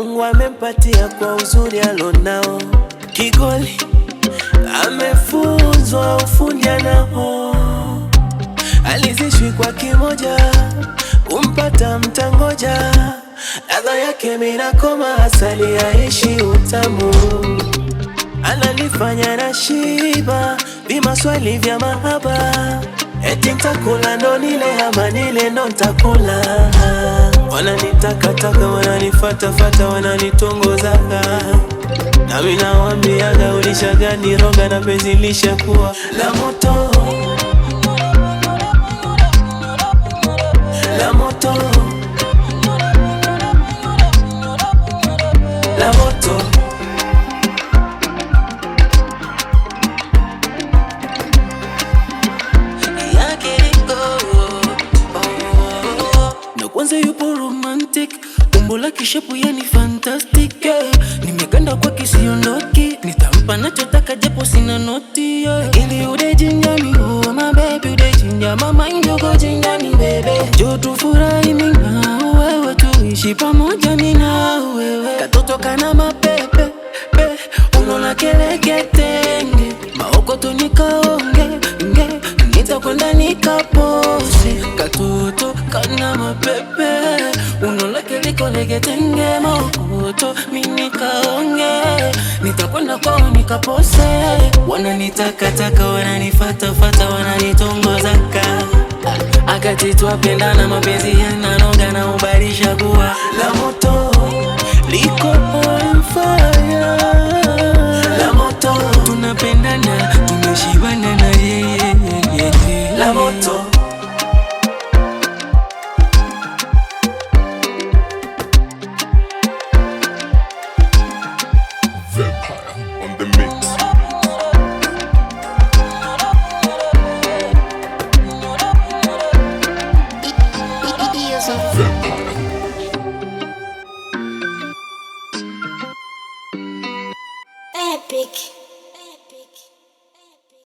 Mungu amempatia kwa uzuri alonao. Kigoli amefunzwa ufundi anao, alizishwi kwa kimoja, kumpata mtangoja. Ladha yake minakoma, asali yaishi utamu, analifanya na shiba, vi vya mahaba, eti ntakula ndo nile ama nile ndo ntakula wananitakataka, wananifatafata, wananitongozaga nami nawaambiaga ulisha gani roga na penzi lisha kuwa la moto, la moto, la moto. Oh, oh, oh, kwanza yupo Mola kishapu ni fantastic yeah. Nimeganda kwa kisiondoki, nitampa nachotaka japo sina noti yeah. Ili jinja mi oh my baby jinja mama indio jinja mi bebe Jo tufurahi mi na tuishi pamoja mi na Katoto kana mapepe pe unaona keleketenge maoko tu nikaonge nge nitakwenda nikapose katoto kana mapepe tengetenge moto, mi nikaonge, nitakwenda kwao nikapose. Wananitakataka, wananifatafata, wananitongozaka akati twapendana, mapenzi yananoga na ubarisha kuwa la moto liko Epic.